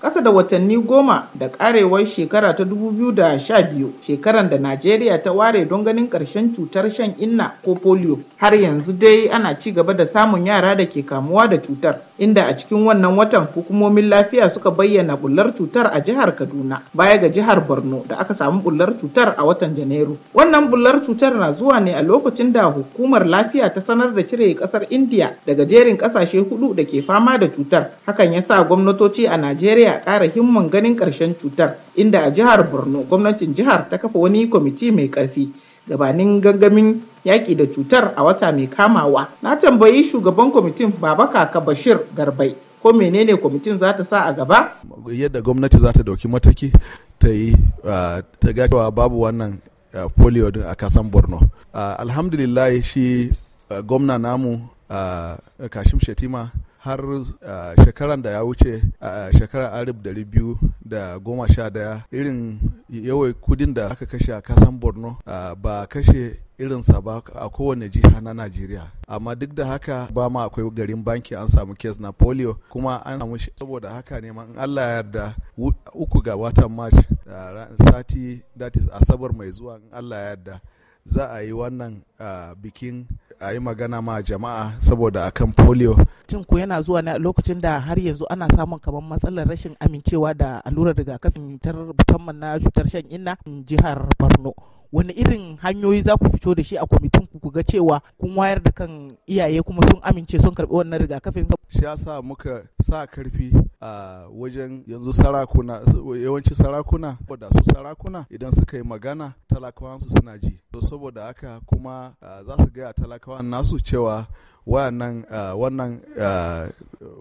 Ƙasa da watanni goma da ƙarewar shekara ta 2012 shekarar da Najeriya ta ware don ganin ƙarshen cutar shan inna ko polio, har yanzu dai ana ci gaba da samun yara da ke kamuwa da cutar, inda a cikin wannan watan hukumomin lafiya suka bayyana bullar cutar a jihar Kaduna baya ga jihar Borno da aka samu bullar cutar a watan Janairu. Wannan bullar cutar na zuwa ne a lokacin da hukumar lafiya ta sanar da cire ƙasar India daga jerin ƙasashe hudu da ke fama da cutar. Hakan ya sa gwamnatoci a Najeriya a ƙara himman ganin ƙarshen cutar inda a jihar borno gwamnatin jihar ta kafa wani kwamiti mai ƙarfi gabanin gangamin yaƙi da cutar a wata mai kamawa na tambayi shugaban kwamitin baba kaka bashir garbai ko menene kwamitin za ta sa a gaba yadda gwamnati za ta dauki mataki ta yi ta ga babu wannan polio a kasan borno alhamdulillah shi gwamna namu kashim shetima har uh, shekaran da ya wuce a uh, shekarar arif dari biyu da goma sha daya irin yawai kudin da aka kashe a kasan borno uh, ba kashe irinsa ba a kowane jiha na najeriya amma duk da haka ba ma akwai garin banki an samu kes na polio kuma an samu shi saboda haka ne in allah yarda uku ga watan march sati that is asabar mai zuwa in allah yarda za a yi wannan bikin a yi magana ma jama'a saboda akan polio. ku yana zuwa na lokacin da har yanzu ana samun kamar matsalar rashin amincewa da allurar rigakafin tarbitan na cutar shan inna jihar borno wani irin hanyoyi za ku fito da shi a kwamitin ku ku ga cewa kun wayar da kan iyaye kuma sun amince sun karbi wannan rigakafin shi yasa muka sa karfi a wajen yanzu sarakuna yawanci sarakuna da su sarakuna idan suka yi magana talakawan su suna ji to saboda haka kuma za su gaya talakawan nasu cewa wannan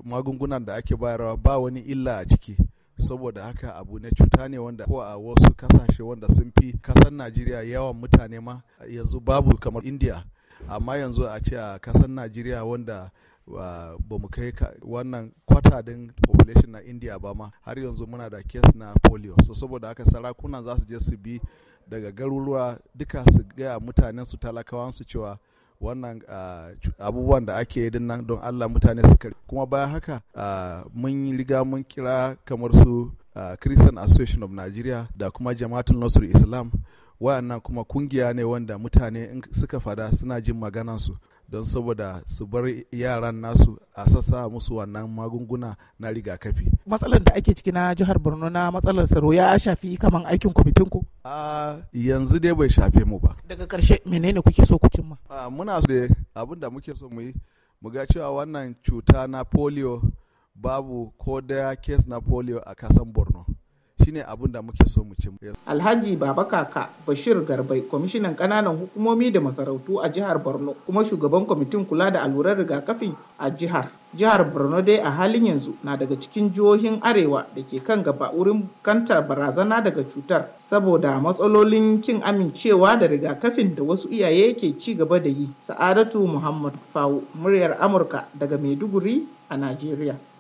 magungunan da ake bayarwa ba wani illa a ciki saboda haka abu na cuta ne wanda ko a wasu kasashe wanda sun fi kasar najeriya yawan mutane ma yanzu babu kamar india amma yanzu a ce a kasar najeriya wanda ba mu kai wannan kwata din population na india ba ma har yanzu muna da kes na polio so saboda haka sarakuna za su je su bi daga garuruwa duka su gaya mutanen su talakawa su cewa wannan ah, abubuwan da ake yi nan don allah mutane su kari kuma bayan haka ah, mun riga mun kira kamar su ah, christian association of nigeria da kuma jama'atul Nasiru islam wa'annan kuma kungiya ne wanda mutane in suka fada suna jin maganansu don saboda su bar yaran nasu a sassa musu wannan magunguna na rigakafi. matsalar da ake ciki na jihar borno na matsalar tsaro ya shafi kaman aikin kwamitin ku a yanzu dai bai shafe mu ba daga karshe menene kuke so ku cimma muna so abin da muke so mu yi mu ga cewa wannan cuta na polio babu ko da kes na polio a kasan borno shine abin da muke so mu ci. Alhaji Baba Kaka Bashir Garbai kwamishinan kananan hukumomi da masarautu a jihar Borno kuma shugaban kwamitin kula da allurar rigakafi a jihar jihar borno dai a halin yanzu na daga cikin jihohin arewa da ke kan gaba wurin kantar barazana daga cutar saboda matsalolin kin amincewa da rigakafin da wasu iyaye ke ci gaba da yi sa'adatu muhammad fawo muryar amurka daga maiduguri a najeriya